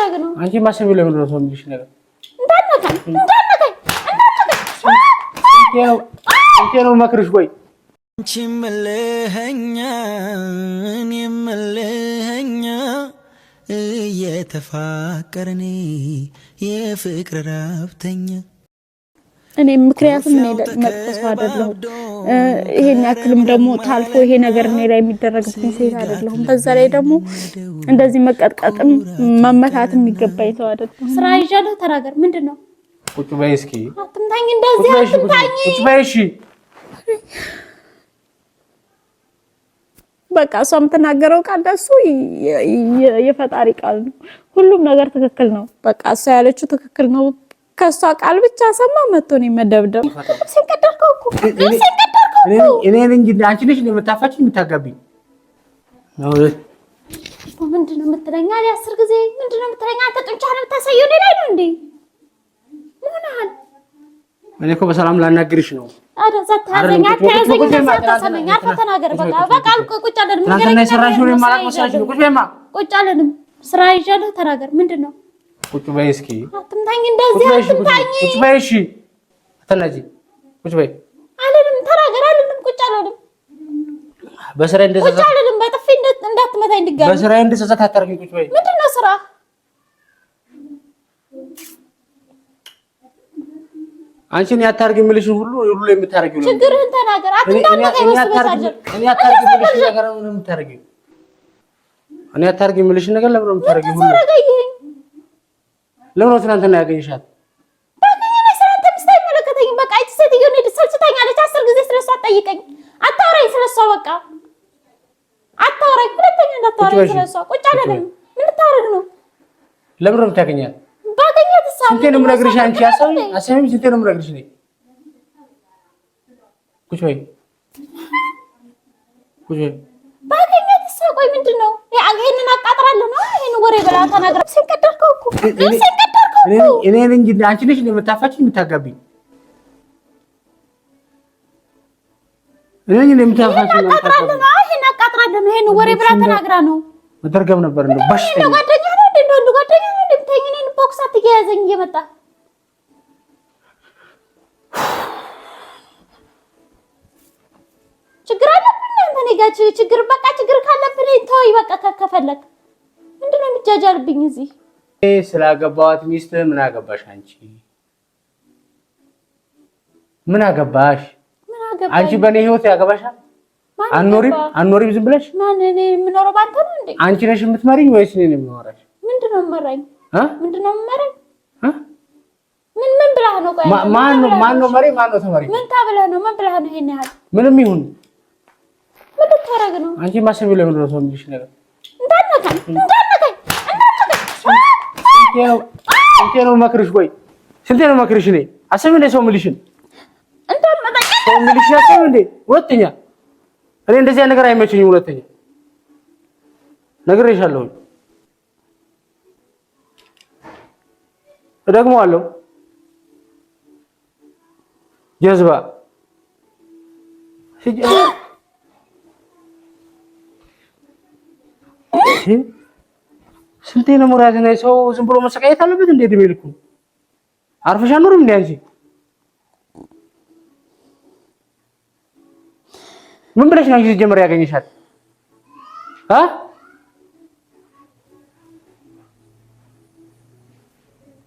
ልታረግ ነው? አንቺ ማሰብ ለምን ነው የሚልሽ ነገር እንዳነካኝ ነው መክርሽ። አንቺ እኔ የፍቅር እኔ ምክንያቱም መጥፎ አይደለሁም ይሄን ያክልም ደግሞ ታልፎ ይሄ ነገር እኔ ላይ የሚደረግብኝ ሴት አይደለሁም። በዛ ላይ ደግሞ እንደዚህ መቀጥቀጥም መመታት የሚገባኝ ሰው አይደለሁም። ስራ ይዣለሁ። ተናገር፣ ምንድን ነው? ቁጭ በይ እስኪ። አትምታኝ፣ እንደዚህ አትምታኝ። ቁጭ በይ እሺ። በቃ እሷ የምትናገረው ቃል ለሱ የፈጣሪ ቃል ነው። ሁሉም ነገር ትክክል ነው። በቃ እሷ ያለችው ትክክል ነው። ከእሷ ቃል ብቻ ሰማ መጥቶ ነው መደብደብ እኔን እንጂ አንቺ ነሽ የምታፋችን የምታጋቢኝ። ምንድን ነው የምትለኝ? አለ አስር ጊዜ ምንድን ነው የምትለኝ? አንተ ጡንቻህን የምታሳየው እኔ ላይ ነው እንዴ? ምሆናል? እኔ እኮ በሰላም ላናግርሽ ነው። ቁጭ አለንም ስራ ይዣለሁ። ተናገር፣ ምንድን ነው? ቁጭ በይ እስኪ። አትምታኝ እንደዚህ አትምታኝ። ቁጭ በይ እሺ። ቁጭ በይ በስራዬ እንደዚህ አልልም። በጥፊ እንዳትመታኝ ድጋሚ። በስራዬ እንደዚህ አታርገኝ። ቁጭ በይ። ምንድን ነው ስራ? አንቺን ያታርግ የምልሽን ሁሉ ሁሉ የምታርጊው ነው። ችግርህን ተናገር። እኔ ያታርግ የምልሽን ነገር ለምን ነው ሁሉ ለምን ነው ትናንትና ያገኘሻት? ሴትዮ ሰልችታኛለች። አስር ጊዜ ስለሷ አትጠይቀኝ፣ አታውራኝ ስለሷ በቃ እንዳታረግ ሁለተኛ እንዳታረግ። ስለሷ ቁጭ አለልኝ። ምን ልታረግ ነው? ለምን ነው የምታገኛት? ባገኛት ስንቴ ነው የምነግርሽ? አንቺ አሰሚም ስንቴ ነው የምነግርሽ? እኔ ቁጭ በይ ቁጭ በይ። ቆይ ምንድን ነው ይሄንን አቃጥራለሁ ነው ይሄን ወሬ ብላ ተናግራ ሲንቀደርከው እኮ እኔ እንጂ አንቺ ነሽ የምታፋችኝ የምታጋቢኝ እኔ ነኝ የምታፋችኝ አይደለም። ይሄን ወሬ ብላ ተናግራ ነው መተርገም ነበር። እንዴ? ባሽ ጓደኛ ነው እንደው አንዱ ጓደኛ ነው እንደምታኝ እኔን ቦክስ አትያያዘኝ እየመጣ ችግር አለብን አንተ እኔ ጋር ችግር በቃ ችግር ካለብን ተወኝ በቃ ከፈለግ ምንድን ነው የሚጃጃልብኝ እዚህ ስላገባዋት ሚስት ምን አገባሽ አንቺ ምን አገባሽ አንቺ በእኔ ህይወት ያገባሻል አኖሪም አኖሪም ዝም ብለሽ ማን እኔ የምኖረው ባንተ ነው እንዴ? አንቺ ነሽ የምትመሪኝ ወይስ እኔ ነኝ የምኖረሽ? ምንድነው የምመራኝ? ምንድነው የምመራኝ? ምን ምን ብለህ ነው? ቆይ ማን ነው ማን ነው መሪ ማን ነው ተመሪ? ምን ታብለህ ነው? ምን ብለህ ነው? ይሄን ያህል ምንም ይሁን ምን ልታረግ ነው? አንቺ ማሰብ ይለው ነው ሰው የሚልሽ ነገር ስንቴ ነው መክርሽ? ቆይ ስንቴ ነው መክርሽ? እኔ አስብ እንደ ሰው የምልሽን እንዳመጣኝ ሰው የምልሽ እንደ ሁለተኛ እኔ እንደዚያ ነገር አይመችኝም። ሁለተኛ ነግሬሻለሁኝ፣ እደግመዋለሁ። ጀዝባ ስንቴ ነው ነው? ሰው ዝም ብሎ መሰቃየት አለበት እንዴ? እድሜ ልኩ አርፈሻ ኑርም እንዴ አንቺ ምን ብለሽ ነው አንቺ ጀምር ያገኘሻት አ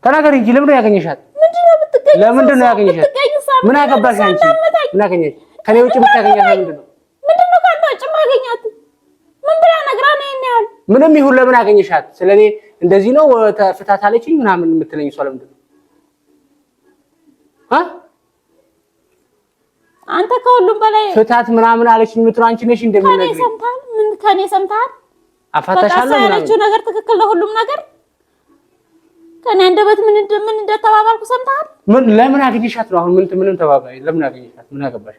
ተናገሪ እንጂ ለምን ነው ያገኘሻል? ለምንድን ነው ያገኘሻት? ምን አገባሽ አንቺ? ምን አገኘሽ? ከኔ ውጭ የምታገኛት ምንድን ነው? ምንም ይሁን ለምን አገኘሻት? ስለኔ እንደዚህ ነው ፍታት አለችኝ ምናምን የምትለኝ ሰው ለምንድን ነው? ከሁሉም በላይ ፍታት ምናምን አለች። ምጥሩ አንቺ ነሽ እንደሚነግረኝ ከኔ ሰምተሃል። አፋታሻለሁ ያለችው ነገር ትክክል ነው። ሁሉም ነገር ከኔ አንደበት ምን ምን እንደተባባልኩ ሰምተሃል። ምን ለምን አግኝሻት ነው? አሁን ምን ምንም ተባባይ ለምን አግኝሻት? ምን አገባሽ?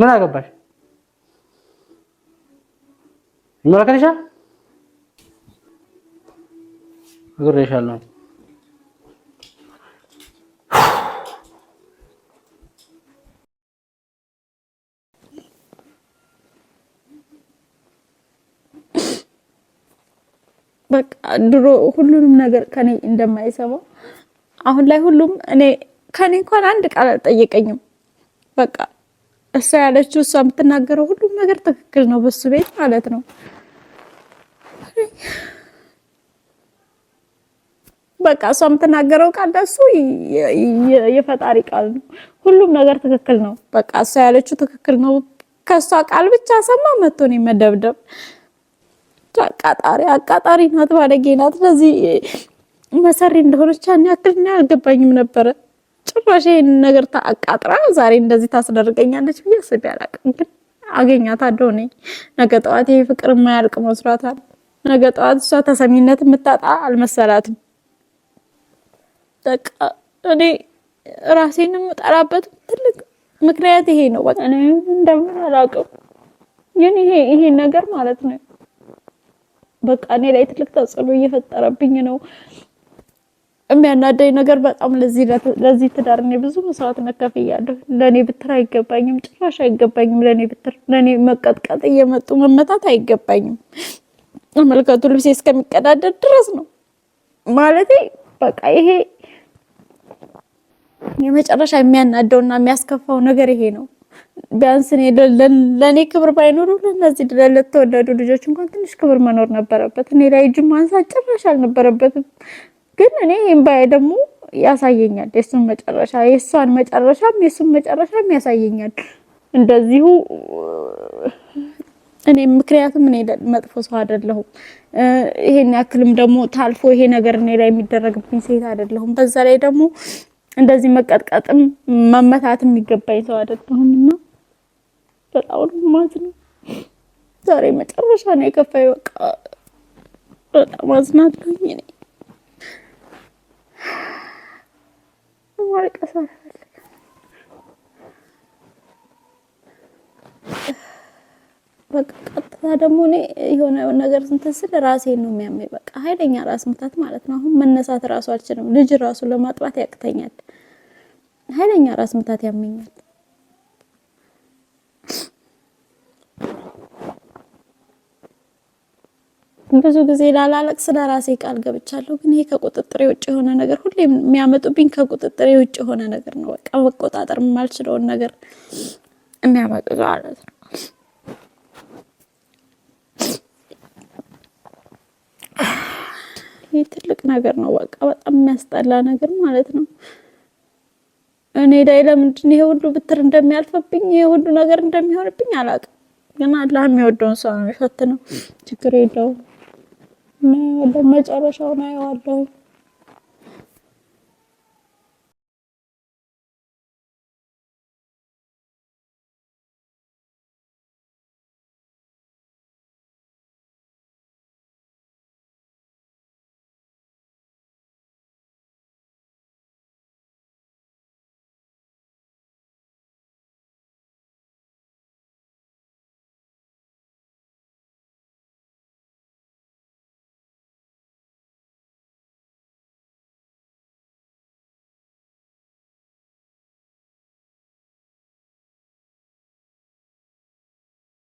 ምን አገባሽ? ይመለከተሻል። እግሬሻለሁ በቃ ድሮ ሁሉንም ነገር ከኔ እንደማይሰማው አሁን ላይ ሁሉም እኔ ከኔ እንኳን አንድ ቃል አልጠየቀኝም። በቃ እሷ ያለችው እሷ የምትናገረው ሁሉም ነገር ትክክል ነው፣ በሱ ቤት ማለት ነው። በቃ እሷ የምትናገረው ቃል ለሱ የፈጣሪ ቃል ነው። ሁሉም ነገር ትክክል ነው። በቃ እሷ ያለችው ትክክል ነው። ከእሷ ቃል ብቻ ሰማ መጥቶ ነው መደብደብ አቃጣሪ አቃጣሪ ናት፣ ባለጌ ናት። ስለዚህ መሰሪ እንደሆነች ያን ያክል እኔ አልገባኝም ነበረ። ጭራሽ ይህን ነገር አቃጥራ ዛሬ እንደዚህ ታስደርገኛለች ብዬ አስቤ አላውቅም። ግን አገኛታለሁ እኔ ነገ ጠዋት። ይሄ ፍቅር የማያልቅ መስሏታል። ነገ ጠዋት እሷ ተሰሚነት የምታጣ አልመሰላትም። በቃ እኔ ራሴን የምጠላበት ትልቅ ምክንያት ይሄ ነው። በቃ እኔ እንደምን አላውቅም፣ ግን ይሄ ይሄ ነገር ማለት ነው በቃ እኔ ላይ ትልቅ ተጽዕኖ እየፈጠረብኝ ነው። የሚያናደኝ ነገር በጣም ለዚህ ትዳር እኔ ብዙ መስዋዕትነት እያለሁ ለእኔ ብትር አይገባኝም፣ ጭራሽ አይገባኝም። ለእኔ ብትር ለእኔ መቀጥቀጥ እየመጡ መመታት አይገባኝም። ተመልከቱ፣ ልብሴ እስከሚቀዳደር ድረስ ነው ማለቴ። በቃ ይሄ የመጨረሻ የሚያናደውና የሚያስከፋው ነገር ይሄ ነው። ቢያንስ ለእኔ ክብር ባይኖሩ ለእነዚህ ለተወለዱ ልጆች እንኳን ትንሽ ክብር መኖር ነበረበት። እኔ ላይ እጅ ማንሳት ጭራሽ አልነበረበትም። ግን እኔ ባይ ደግሞ ያሳየኛል የሱን መጨረሻ የእሷን መጨረሻም የእሱን መጨረሻም ያሳየኛል። እንደዚሁ እኔ ምክንያቱም እኔ መጥፎ ሰው አይደለሁም። ይሄን ያክልም ደግሞ ታልፎ ይሄ ነገር እኔ ላይ የሚደረግብኝ ሴት አይደለሁም። በዛ ላይ ደግሞ እንደዚህ መቀጥቀጥም መመታትም የሚገባኝ ሰው አይደለሁም እና በጣም ነው ዛሬ መጨረሻ ነው የከፋኝ። በቃ በጣም አዝናለሁኝ እኔ ማልቀስ አልፈልግም። በቃ ቀጥታ ደግሞ እኔ የሆነ ነገር እንትን ስል ራሴን ነው የሚያመኝ። በቃ ኃይለኛ ራስ ምታት ማለት ነው። አሁን መነሳት ራሱ አልችልም። ልጅ ራሱ ለማጥባት ያቅተኛል። ኃይለኛ ራስ ምታት ያመኛል። ብዙ ጊዜ ላላለቅ ስለ ራሴ ቃል ገብቻለሁ፣ ግን ይሄ ከቁጥጥሬ ውጭ የሆነ ነገር ሁሌም የሚያመጡብኝ ከቁጥጥሬ ውጭ የሆነ ነገር ነው። በቃ መቆጣጠር የማልችለውን ነገር የሚያመጡ ማለት ነው። ይህ ትልቅ ነገር ነው። በቃ በጣም የሚያስጠላ ነገር ማለት ነው። እኔ ላይ ለምንድን ይሄ ሁሉ ብትር እንደሚያልፍብኝ ይሄ ሁሉ ነገር እንደሚሆንብኝ አላውቅም። ግን አላህ የሚወደውን ሰው ነው የሚፈትነው። ችግር የለውም። መጨረሻውን አየዋለሁ።